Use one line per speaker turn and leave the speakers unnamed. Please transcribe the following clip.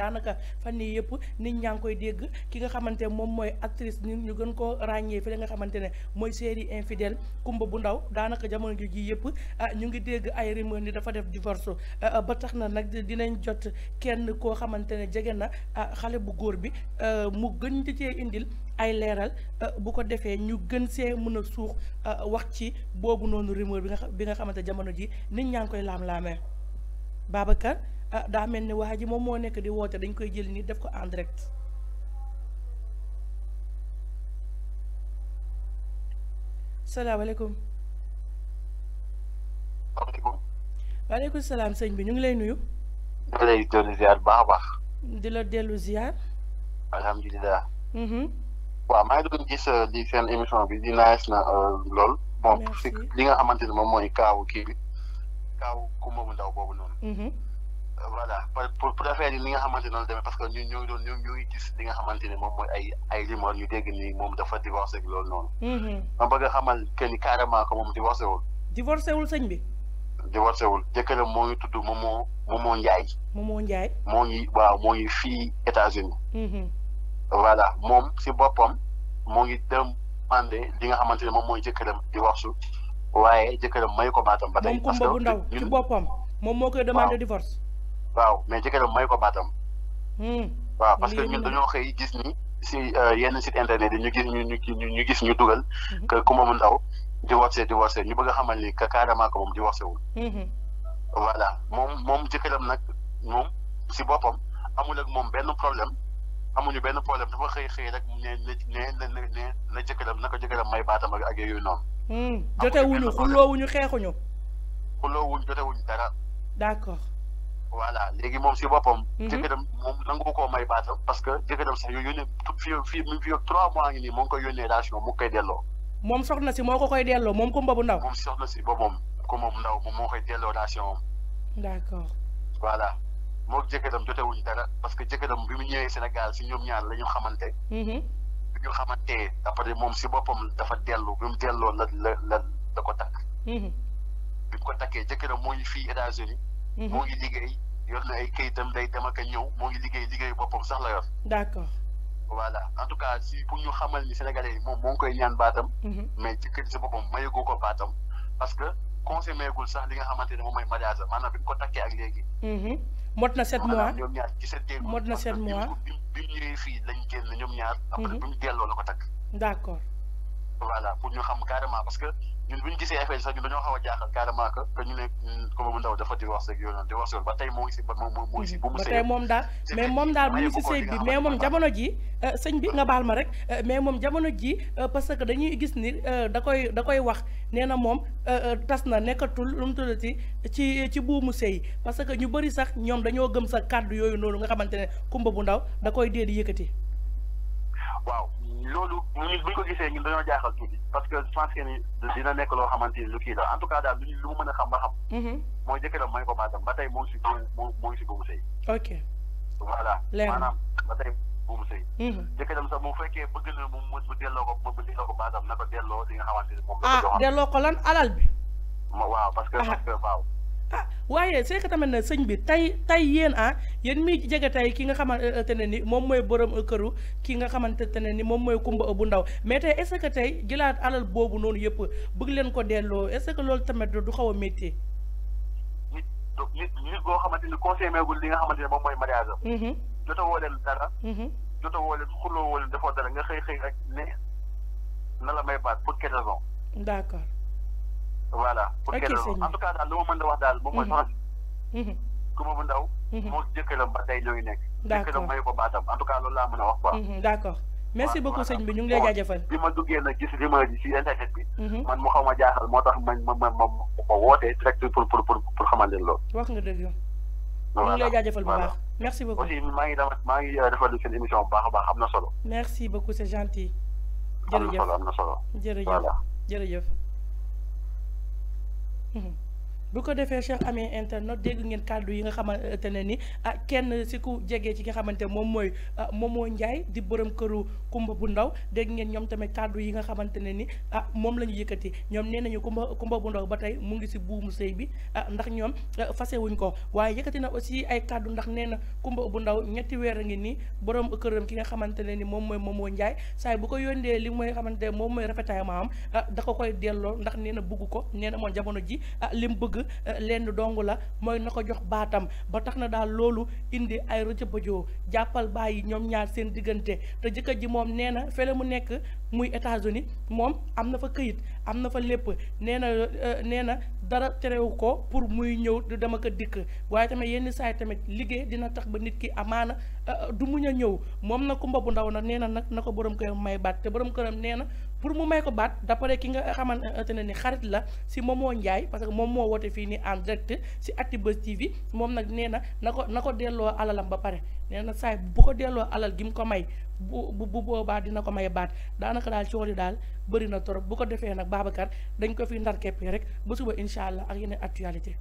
daanaka fan yii yëpp nit ñaa ngi koy dégg ki nga xamante moom mooy actrice ñun ñu gën koo ràññee fi la nga xamante ne mooy série infidèle Kumba bu ndaw daanaka jamono ji ji yëpp ah, ñu ngi dégg ay rumeur ni dafa def divorce ah, ba tax na nag dinañ jot kenn koo xamante ne jege na ah, xale bu góor bi mu gën di cee indil ay leeral bu ko defee ñu gën see mën a suux wax ci boobu noonu rumeur bi nga bi nga xamante jamono ji nit ñaa ngi koy laam-laamee Babacar ah daa mel ni waa ji moom moo nekk di woote dañ koy jël nii def ko en direct salaamaaleykum. waaleykum. salaam sëñ bi ñu ngi lay nuyu.
di lay dellu ziar baax baax. di la dellu ziar. alhamdulilah. Mm-hmm. waaw maa ngi doon gis euh, li seen émission bi di naaj na euh, lool. moom si li nga xamante ne moom mooy kaawu kii bi kaawu Kumba ndaw boobu noonu. Mm-hmm. voilà pour pour affaire yi ni nga xamante ne noonu demee parce que ñu ñu ngi doon ñu ngi gis li nga xamante ne moom mooy ay ay rumeur ñu dégg ni moom dafa divorcé ak loolu noonu. Mm-hmm. ma bëgg a xamal que ni carrément que moom divorcé wul. divorcé wul sëñ bi. divorcé wul jëkkëram moo ngi tudd Momo Momo Ndiaye.
Momo Ndiaye. moo ngi
waaw moo ngi fii États-Unis. Mm-hmm. voilà moom si boppam moo ngi demandé li nga xamante ne moom mooy jëkkëram divorce waaye jëkkëram may ko maatam ba tey. parce que moom Kumba bu ndaw ci boppam. moom moo koy demandé divorce. waaw mais jëkkëram may ko baatam. Hmm. waaw parce que ñun dañoo xëy gis ni si euh, yenn si internet yi ñu gis ñu ñu ñu gis ñu dugal. Hmm. que ku moomu ndaw divorcé divorcé ñu bëgg a xamal ni que carrément ko moom divorcé wul. Hmm. voilà moom moom jëkkëram nag moom si boppam amul ak moom benn problème amuñu benn problème dafa xëy xëy rek ne ne ne ne na jëkkëram naka jëkkëram may baatam ak ak yooyu
noonu. jotewuñu xulloowuñu xeexuñu.
xulloowuñ jotewuñ dara. d'accord. voilà léegi moom si boppam. Mhm. jëkkëram moom nangu koo may baatam parce que jëkkëram sax yu yónnee fii fii fii trois mois ngi nii moo ngi koy yónnee ration mu ngi koy delloo.
moom soxna si moo ko koy delloo moom Kumba bu ndaw. moom
soxna si boppam Kumba bu ndaw moom moo koy delloo ration moom. d'accord. voilà moom jëkkëram jotewuñ dara parce que jëkkëram bi mu ñëwee Sénégal si ñoom ñaar la ñu xamante. Mhm. bi ñu xamante moom si boppam dafa dellu bi mu delloo la la la la ko takk. Mhm. bi ko takkee jëkkëram moo ñu fii États-Unis moo ngi liggéey yor na ay këyitam day dem ak a ñëw moo ngi liggéey liggéeyu boppam sax la yor. d'accord. voilà en tout cas si pour ñu xamal ni sénégalais yi moom moo ngi koy ñaan baatam.
Mhm. mais ci
kër si boppam mayagoo ko baatam parce que consommé gul sax li xamante ne moom mooy maanaam bi ko takkee ak léegi.
Mhm. mot na sept mois
ñoom na sept mois bi mu ñëwee fii lañ génn ñoom ñaar. après mhm. bi mu delloo la ko takk. d'accord. voilà pour ñu xam carrément parce que ñun bu ñu gisee effet sax ñun dañoo xaw a jaaxal carrément que que ñu ne mm, Coumba bu Ndaw dafa divorce moom moo ngi mais moom daal mu ngi moom jamono ji
euh, sëñ bi nga baal ma rek euh, mais moom jamono ji euh, parce que dañuy gis ni da koy wax nee na moom tas na nekkatul lu mu ci ci buumu sëy parce que ñu bëri sax ñoom dañoo gëm sa kàddu yooyu noonu nga xamante ne Coumba bu Ndaw da koy dee di yëkkati
loolu ñun bu ñu ko gisee ñun dañoo jaaxal tuuti parce que je pense que ni dina nekk loo xamante ni lu kii la en tout cas daal lu lu mu mën a xam ba xam. Mhm. mooy jëkkëram may ko baatam ba tey moo ngi si moo moo ngi si buum sëy. ok voilà. maanaam ba tey buum sëy. Mhm. jëkkëram sax mu fekkee bëgg na mu mu delloo ko mu delloo ko a na ko delloo li nga a ni moom la ko ah, joxoon. ah delloo ko
lan alal bi.
waaw parce que w ah. que waaw.
ah waaye c'est que tamit na sëñ bi tey tey yéen ah yéen miy jege tey ki nga xamante ne ni moom mooy borom këru ki nga xamante ne ni moom mooy kumba bu ndaw mais tey est-ce que tey alal boobu noonu yëpp bëgg leen ko delloo est-ce loolu tamit du xaw a métti.
nit nit nit boo xamante ni conseil meegul li nga xamante ne moom mooy mariage am. Mm-hmm. jotawoo leen dara. Mm-hmm. jotawoo leen xuloo woo leen defoo nga xëy xëy rek ne na la may baat pour quelle voilà pour que en tout cas daal lu ma mën da wax daal moom mooy soxna si Coumba Ndaw mhm. moo jëkkëram ba tey looy nekk jëkkëram mayu ko baatam en tout cas loolu laa mën a wax quoi mhm. d'accord merci beaucoup sëñ bi ñu ngi lay jaajëfal bi ma duggee nag gis li ma si internet bi mhm. man mu xaw ma jaaxal moo tax man ma ma ma ma wootee direct pour pour pour pour xamal leen loolu wax nga dëgg ñu ngi lay jaajëfal bu baax merci beaucoup aussi maa ngi dama maa ngi defal euh, seen émission bu baax a baax am na solo
merci beaucoup c'est gentil jërëjëf am na solo am na
solo jërëjëf
jërëjëf mm bu ko defee Cheikh amee internet dégg ngeen kàddu yi nga xamante ne ni ah kenn si ku jege ci nga xamante moom mooy ah, Momo Ndiaye di borom këru Kumba bu ndaw dégg ngeen ñoom tamit kàddu yi nga xamante ne ni ah moom la ñu yëkkati ñoom nee nañu Kumba Kumba bu ndaw ba tey mu ngi si buumu sëy bi ah ndax ñoom ah, fasewuñ ko waaye yëkkati na aussi ay kàddu ndax nee na Kumba bu ndaw ñetti weer a ngi nii borom këram ki nga xamante ne ni moom mooy moom Momo Ndiaye saa bu ko yóndee li mooy xamante moom mooy rafetaay maam ah, da ko koy delloo ndax nee na bugg ko nee na jamono ji ah lim bëgg Euh, lenn dong la mooy na ko jox baatam ba tax na daal loolu indi ay rëcc bëjoo jàppal bàyyi ñoom ñaar seen diggante te jëkkër ji moom nee na fele mu nekk muy états uni moom am na fa këyit am na fa lépp nee na euh, nee na dara terewu ko pour muy ñëw du dem ak a dikk waaye tamit yenn saa tamit liggéey dina tax ba nit ki amaana euh, euh, du muñ a ñëw moom na kumba bu ndaw na nee na nag na ko borom këram may baat te borom këram nee na pour mu may ko baat d'après ki nga xamante ne ni xarit la si moo Ndiaye parce que moom moo woote fii nii en direct si Actubuzz TV moom nag nee na na ko na ko delloo alalam ba pare nee na saay bu ko delloo alal gi mu ko may bu bu boobaa dina ko may baat daanaka daal coono daal bëri na torop bu ko defee nag Babacar dañ ko fi ndar keppee rek ba suba incha allah ak yeneen actualité.